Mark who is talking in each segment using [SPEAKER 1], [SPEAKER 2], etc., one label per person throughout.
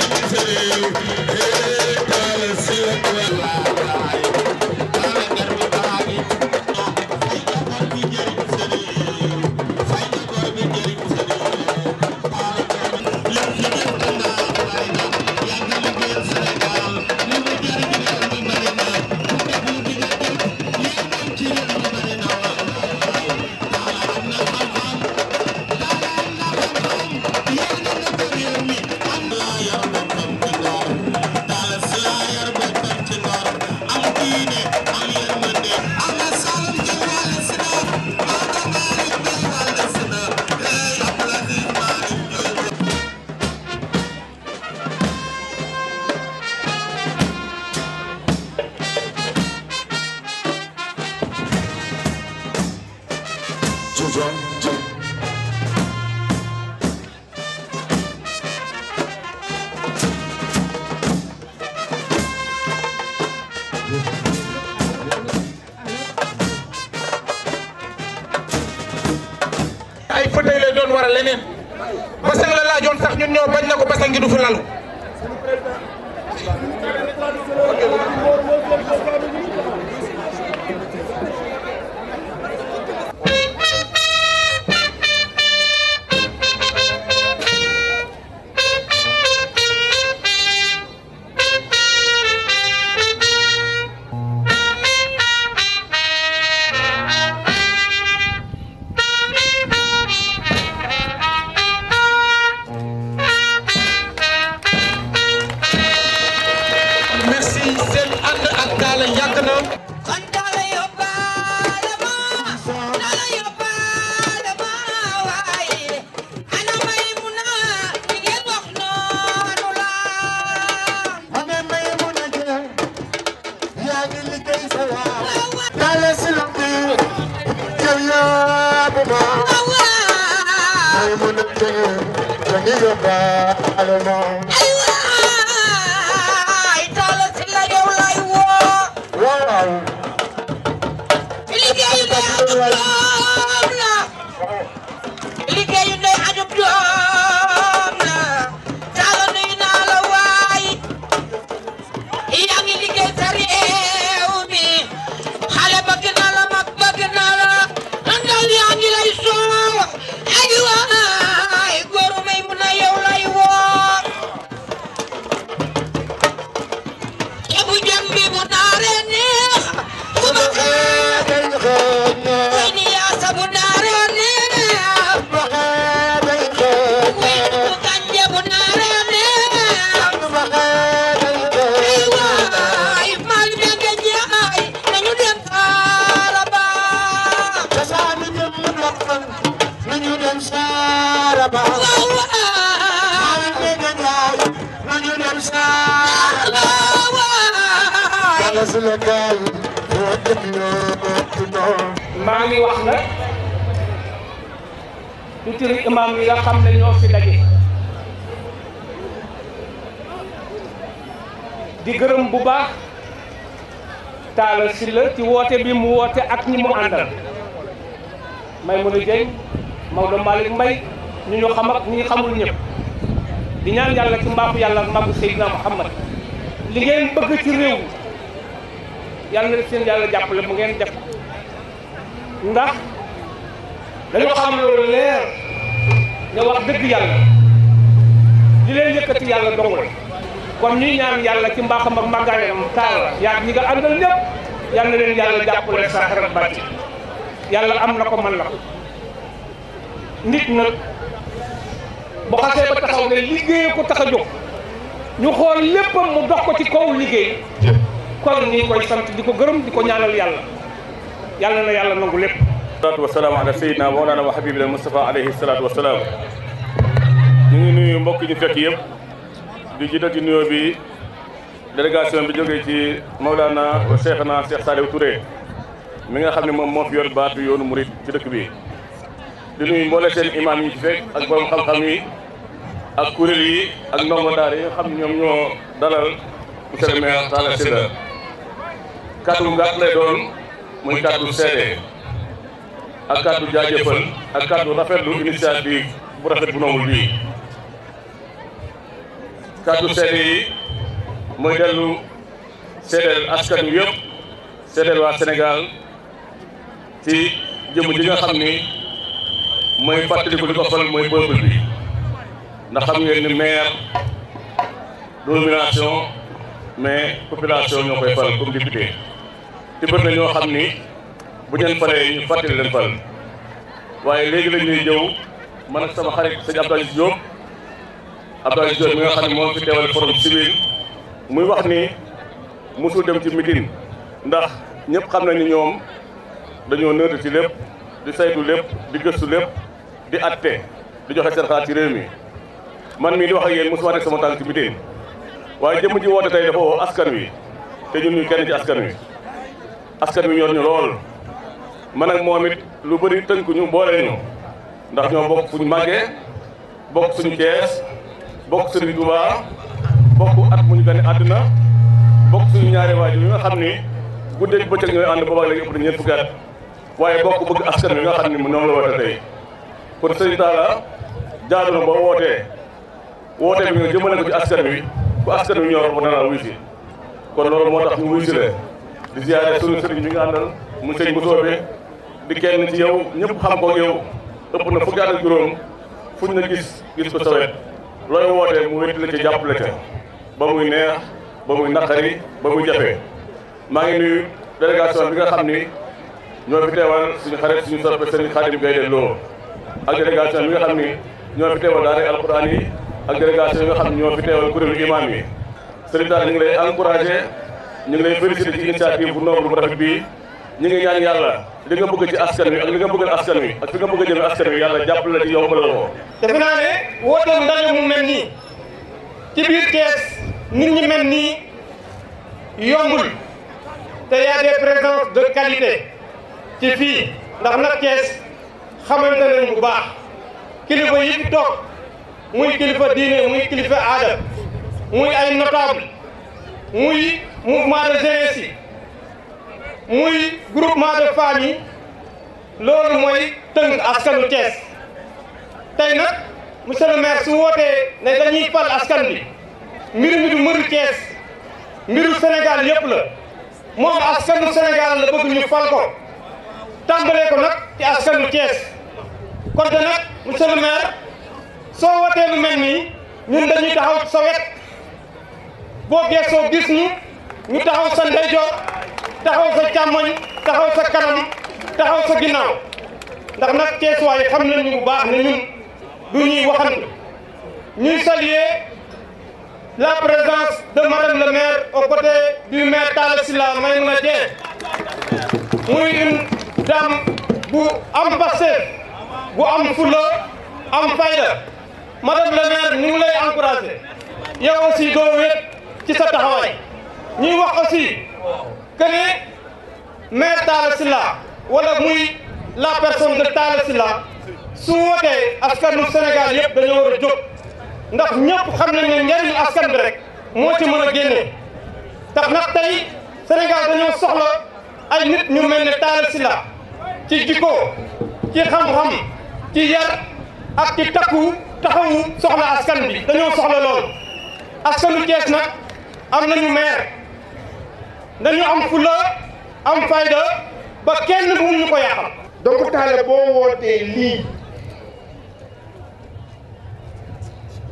[SPEAKER 1] Brasil. leneen basang la laajoon sax ñun ñoo bañ na ko basang gi du fi lalu
[SPEAKER 2] Afternoon.
[SPEAKER 3] Clique aí no Sénégal moo def ñoo
[SPEAKER 2] imam yi nga ñoo fi di gërëm bu baax Talla Sylla ci woote bi mu woote ak ñi mu àndal Maimouna Dieng Maodo Malick Mbaye ñu ñu xam ak ñi xamul ñëpp di ñaan ci ak Muhammad li ngeen bëgg ci réew yàlla na seen yàlla jàppale mu ngeen def ndax dañoo xam loolu leer ne wax dëgg yàlla li leen yëkkati yàlla dong la kon ñuy ñaan yàlla ci mbaaxam ak màggaayam taal yaa ñi nga àndal ñëpp yàlla na leen yàlla jàppale saxar ak bàcc yàlla am na ko man na ko nit nag bu xasee ba taxaw ne liggéey ko tax ñu xool léppam mu dox ko ci kaw
[SPEAKER 4] kon ni koy sant di ko gërëm di ko ñaanal yàlla yàlla na yàlla nangu lépp salaatu wasalaam ala sayyidina mawlana wa habibina Mustafa alayhi salaatu wasalaam ñu ngi nuyu mbokk ñu fekk yëpp di jiital ci nuyoo bi délégation bi jógee ci mawlana wa cheikhna Cheikh Saliou Touré mi nga xam ne moom moo fi yor baatu yoonu murit ci dëkk bi di nuyu mboole seen imaam yi ci fekk ak borom xam-xam yi ak kuréel yi ak ndongo daara yi xam ne ñoo dalal monsieur le maire Talla Sylla kàddu ngàtt lay doon muy kàddu seede ak kàddu jaajëfal ak kàddu rafetlu initiative bu rafet bu noomul bii kàddu seede yi mooy dellu seedeel askan wi yëpp seedeel waa Sénégal ci jëmm ji nga xam ni mooy fàttaliku li ko fal mooy peuple bi ndax xam ngeen ni maire domination mais population ñoo koy fal comme député te na ñoo xam ni bu ñeen falee ñu fàttali leen fal waaye léegi la ñuy ñëw man ak sama xarit sëñ Abdoulaye Diop
[SPEAKER 5] Abdoulaye Diop mi nga xam ne moom fi teewal forum civil
[SPEAKER 4] muy wax ni mosul dem ci meeting ndax ñëpp xam nañu ñoom dañoo nëtt ci lépp di saytu lépp di gëstu lépp di atte di joxe seen xalaat ci réew mi man mii di wax ak yéen mosuma teg sama tànk ci meeting waaye jëmm ji woote tey dafa askan wi te ñun ñu kenn ci askan wi askan wi ñor ñu lool man ak moom lu bëri tënkuñu boole ñu ndax ñoo bokk fuñ màggee bokk suñu Cees bokk Sëriñ Tuubaa bokk at muñu gane àddina bokk suñu ñaari waajur yi nga xam ni guddeeg bëccëg ñooy ànd boobaag léegi ëpp na ñeent fukki at waaye bokk bëgg askan wi nga xam ni mu ñoom la war tey kon sëriñ Talla jaadu na boo wootee wootee bi nga jëmale ko ci askan wi ku askan wi ñor war na kon loolu moo tax ñu wuy si la di ziare sunu sëriñ bi nga àndal mu sëñ Mbusoobe di kenn ci yow ñëpp xam ko yow ëpp na fukki at ak juróom fuñ na gis gis ko sawet looy woote mu wétti la ca jàppale ba muy neex ba muy naqari ba muy jafe maa ngi nuyu délégation bi nga xam ni ñoo fi teewal suñu xarit suñu soppe sëriñ Xaadim Gaye Lo ak délégation bi nga xam ni ñoo fi teewal daara alquran yi ak délégation yi xam ni ñoo fi teewal kuréelu imam yi sëriñ daal ñu ngi lay encouragé ñu ngi lay félicité ci initiative bu noble bu rafet bii ñu ngi ñaan yàlla li nga bëgg ci askan wi ak li nga bëggal askan wi ak fi nga bëgg a jëme yàlla jàppale la ci yow balal ko
[SPEAKER 2] defe naa ne wooteem ndaje mu mel nii ci biir nit ñi mel nii yombul te y a des présences ci fii ndax nag Thiès xamante nañ bu baax kilifa yi fi toog muy kilifa diine muy kilifa aada muy ay notable muy mouvement de jeunesse muy groupement de femmes yi loolu mooy tënk askanu Thiès tey nag monsieur le maire su wootee ne dañuy fal askan bi mbir mi du mbiru Thiès mbiru Sénégal yëpp la moom askanu Sénégal la bëgg ñu fal ko tàmbalee ko nag ci askanu Thiès kon nag monsieur le maire soo wootee lu mel nii ñun dañuy taxaw sa boo geesoo gis ñu ñu taxaw sa ndeyjoor taxaw sa càmmoñ taxaw sa kanam taxaw sa ginnaaw ndax nag Cees xam nañ ñu bu baax ne ñun du ñuy waxante ñuy saluer la présence de madame le maire aux côtés du maire Talla Sylla Maïmouna Dieng muy une dame bu am passé bu am fula am fayda madame le maire ñu ngi lay encouragé yow aussi doo wéet ci sa taxawaay ñuy wax aussi que ni maire Talla Sylla wala muy la personne de Talla Sylla su wootee askanu Sénégal yëpp dañoo war a ndax ñëpp xam nañ ne njëriñu askan bi rek moo ci mën a génne tax nag tey Sénégal dañoo soxla ay nit ñu mel ni Talla Sylla ci jikko ci xam-xam ci yar ak ci takku taxawu soxla askan bi dañoo soxla lool askanu Thiès nag. am nañu maire nañu am fulla am fayda ba kenn bu ñu ko yàqal donc taale
[SPEAKER 1] boo wootee lii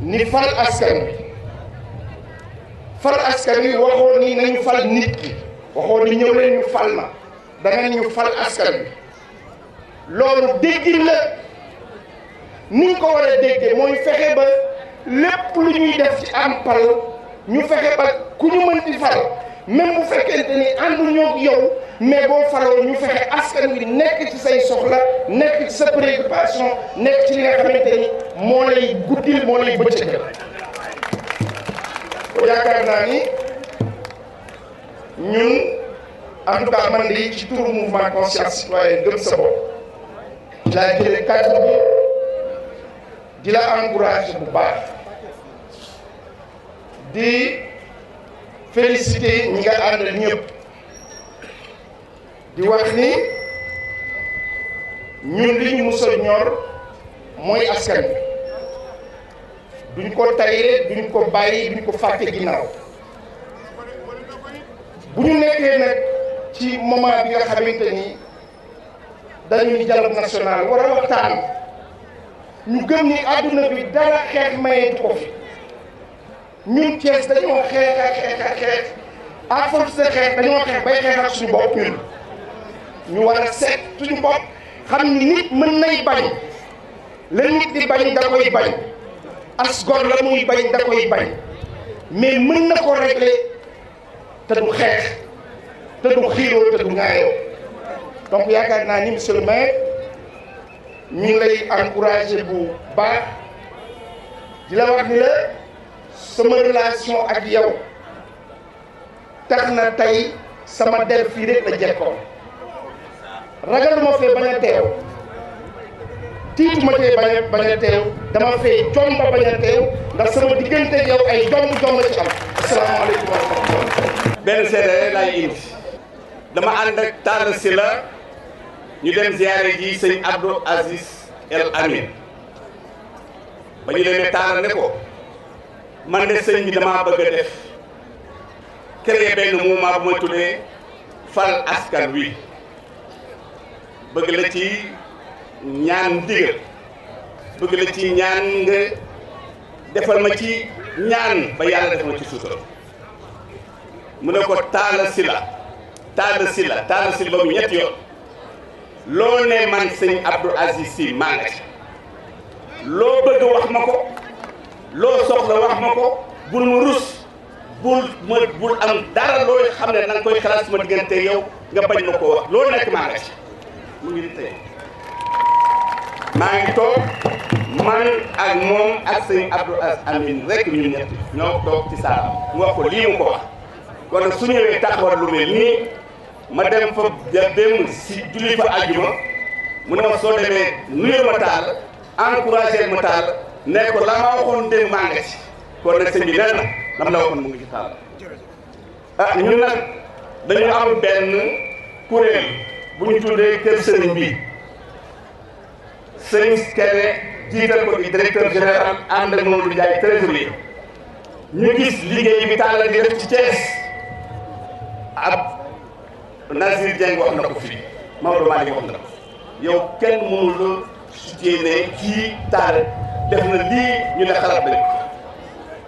[SPEAKER 1] ni fal askan wi fal askan wi waxoon ni nañu fal nit ki waxoon ni ñëw leen fal ma danga ñu fal askan wi loolu déggin la ni ko war a déggee mooy fexe ba lépp lu ñuy def ci am pal ñu fexe ba ku ñu mën di fal même bu fekkente ni àndu ñoo yow mais boo faroo ñu fexe askan wi nekk ci say soxla nekk ci sa préoccupation nekk ci li nga xamante ni moo lay guddil moo lay bëccëgal yaakaar naa ni ñun en tout cas man ci turu mouvement conscience citoyenne gëm sa bopp laa jëlee kàddu bi di la encouragé bu baax. di félicité ñi nga kan àndal ñëpp di wax ni ñun li ñu mus a ñor mooy askan duñ ko tayee duñ ko bàyyi duñ ko fàtte ginnaaw bu ñu nekkee nag ci moment bi nga xamante ni dañu ni national war a waxtaan ñu gëm ni àdduna bi dara xeex mayeetu ko fi ñun Thiès dañoo xeex ak xeex ak xeex à force xeex dañoo xeex bay xeex suñu bopp ñun ñu war a seet suñu bopp xam ni nit mën nay bañ la bañ da koy bañ as gor la muy bañ da koy bañ mais mën na ko régler te du xeex te du xiiroo te du ŋaayoo donc yaakaar naa ni monsieur le maire ñu lay encourager bu baax di ni la. sama relation ak yow tax na tey sama der fii rek la jekkoon ragal ma fee bañ a teew ma tee bañ a bañ a teew dama fee jomba bañ a teew sama diggante ak ay jomb jomb ci am
[SPEAKER 6] asalaamaaleykum wa rahmatulah. benn seede laay indi dama ànd ak Talla Sylla ñu dem ziare ji sëñ Abdou Aziz El Amin ba ñu demee Talla ne ko. man de sëñ bi damaa bëgg a def créer benn mouvement bu ma tuddee fal askan wi bëgg la ci ñaan ndigal bëgg la ci ñaan nga defal ma ci ñaan ba yàlla def ma ci suutal mu ne ko taala sila taala sila taala sila ba mu ñett yoon loo ne man sëñ Abdou Aziz Sy maa nga ci loo bëgg wax ma ko loo ma ko bul ma rus bul ma bul am dara looy xam ne na nga koy xalaat sama diggante yow nga bañ ma ko wax loolu nekk maa ngi nii tey maa ngi toog man ak moom ak sëñ Abdou Aziz Amine rek ñun ñett ñoo toog ci saal mu wax ko lii mu ko wax kon su ñëwee taxawal lu mel nii ma dem fa dem si julli fa àjjuma mu ne ma soo demee nuyoo ma taal encouragé ma taal ne ko la ma waxoon maa nga ci kon nag sëñ bi nee na lam la waxoon mu ngi ci taal ah ñun nag dañu am benn kuréel bu ñu tuddee kër sëriñ bi sëriñ Kéré jiital ko di directeur général ànd ak Mamadou Ndiaye trésorier ñu gis liggéey bi Talla di def ci ab Nazir Dieng wax na ko fii Maodo Malick wax na ko yow kenn mënul situé ne kii Talla def na lii ñu ne xalaat nañ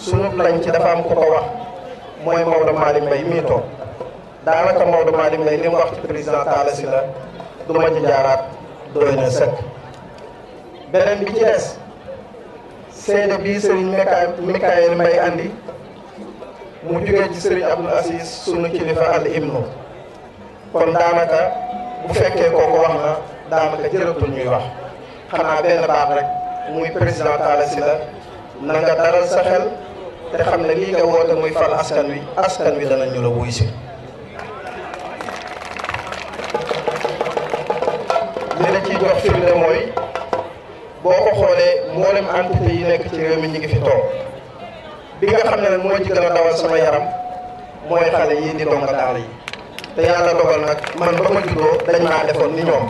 [SPEAKER 5] suñu lañ ci dafa am ku ko wax mooy Maodo Malick Mbaye mii toog daanaka Maodo Malick Mbaye li mu wax ci président Talla Sylla du ma ci jaaraat doy na sëkk beneen bi ci des bii Serigne Mikaël Mbaye andi mu jugee ci Serigne Abdoul Aziz sunu kilifa al imnu kon daanaka bu fekkee ko wax na daanaka jërëtul ñuy wax xanaa benn baax rek muy président Talla Sylla na daral sa xel te xam ne lii nga woote muy fal askan wi askan wi dana ñu la wuy si li la ciy jox firnde mooy boo ko xoolee mboolem entité yi nekk ci réew mi ñu ngi fi toog bi nga xam ne nag moo ci gën a sama yaram mooy xale yii di yi te yàlla dogal nag man ba ma juddoo dañ maa defoon ni ñoom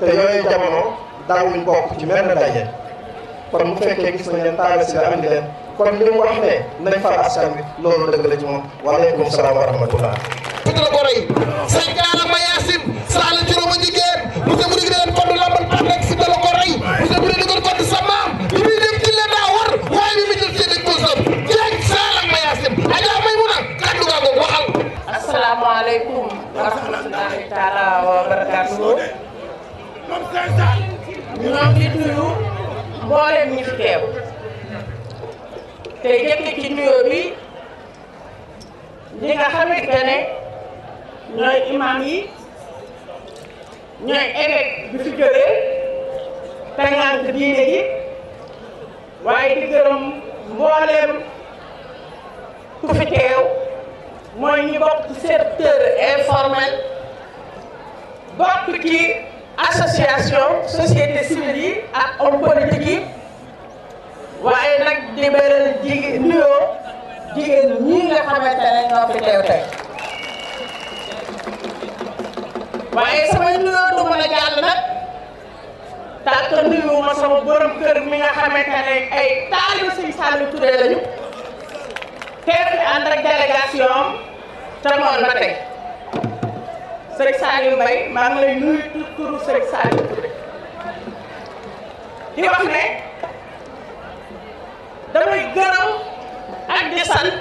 [SPEAKER 5] te yooyu jamono daawuñ bokk ci benn daje kon bu fekkee gis nañ leen si andi leen kon li mu wax ne nañ fal askan wi loolu dëgg la ci moom waaleykum salaam wa rahmatullah
[SPEAKER 3] putul ko rey sëñ gaana ma yaasin saala juróom a jigéen monsieur bu digleen kodd lambal pax rek si dala ko rey monsieur di digleen kodd sa maam li muy dem ci la daa war waaye bi mu jël ci dañ ko sëb jeeg saala ma yaasin ajaa may mu na kaddu gaa waxal wa rahmatullahi taala wa fi te jëkk ci nuyoo bi ñi nga xamante ne ñooy imam yi ñooy évêque bi fi jógee te ngànk diine ji waaye di gërëm mbooleem ku fi teew mooy ñi bokk ci secteur informel bokk ci association société civile yi ak homme yi waaye nag di jigéen nuyoo jigéen ñi nga xamante ne ñoo fi teew tey waaye sama nuyoo du mën a jàll nag tànk nuyuwuma sama borom kër mi nga xamante ne ay taalibe Sëñ Saliou Touré lañu teew fi ànd ak délégation am moon ba tey Sëñ Saliou Mbaye maa ngi lay nuyu turu Sëñ Saliou di wax ne damay gërëm ak di sant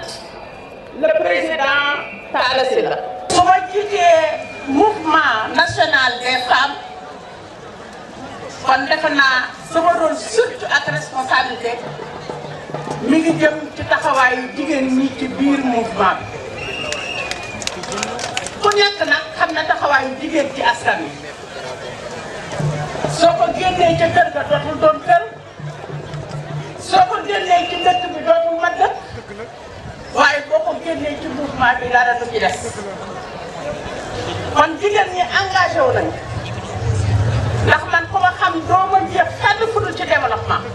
[SPEAKER 3] le président Talla Sylla su ma jiitee mouvement national des femmes kon defe naa sama rôle surtout ak responsabilité mi ngi jëm ci taxawaayu jigéen ñi ci biir mouvement bi ku nekk nag xam na taxawaayu jigéen ci askan wi soo ko génnee ca kër ga dootul doon kër soo ko génnee ci dëkk bi doo mu mën dëkk waaye boo ko génnee ci mouvement bi dara du ci des kon jigéen ñi engagé wu nañu ndax man ku ma xam doo ma jeex fenn fu dul ci développement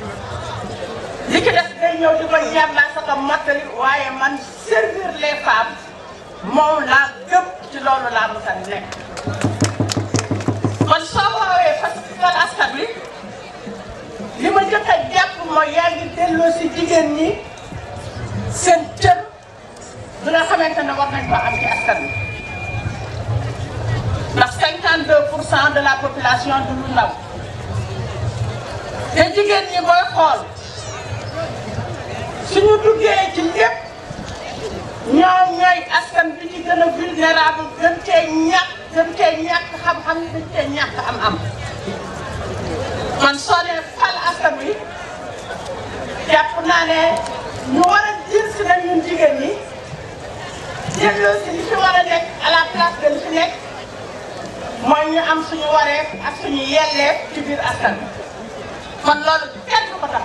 [SPEAKER 3] li ci des day ñëw di ko ñaanal sa ko mottali waaye man servir les femmes moom laa gëm ci loolu laa mos a nekk kon soo woowee fas askan wi. delloo si jigéen ñi seen cër bi nga xamante ne war nañ ko am ci askan wi ndax 52 pour cent de la population du lu ndaw te jigéen ñi booy xool suñu duggee ci lépp ñoom ñooy askan bi ci gën a vulnérable gën cee ñàkk gën cee ñàkk xam-xam gën cee ñàkk am-am man soo jàpp naa ne ñu war a jël si nag ñun jigéen ñi delloo si li fi war a nekk à la mooy ñu am suñu wareef ak suñu yelleef ci biir kon loolu kenn du ko xam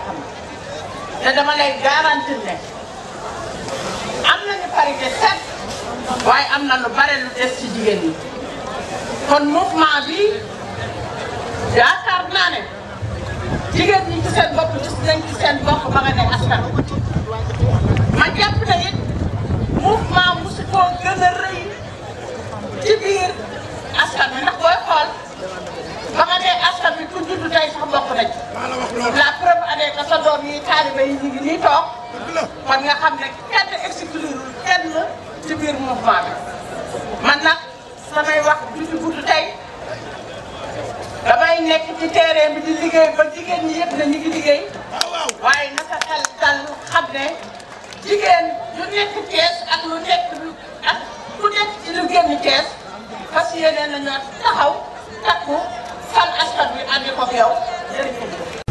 [SPEAKER 3] te dama lay garantir ne am nañu parité set waaye am na lu bare lu des ci jigéen ñi kon mouvement bi yaakaar naa ne. jigéen ñi ci bopp gis nañ bopp ba nga ne askan ma jàpp na ci biir askan wi ndax booy xool ba nga ne askan wi ku tey sax bokk nañ la preuve année que yi taaliba yi ñu nii toog kon nga xam ne kenn exclure kenn ci biir mouvement bi man nag samay wax du tey damay nekk ci terrain bi di liggéey ba jigéen ñi yëpp ne ñu ngi liggéey waaye naka xel dal xam ne jigéen lu nekk Thiès ak lu nekk ak ku nekk ci lu génn Thiès parce que taxaw takku fan askan wi ànd ko yow